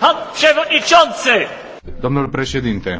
Pan Przewodniczący! Domnul președinte.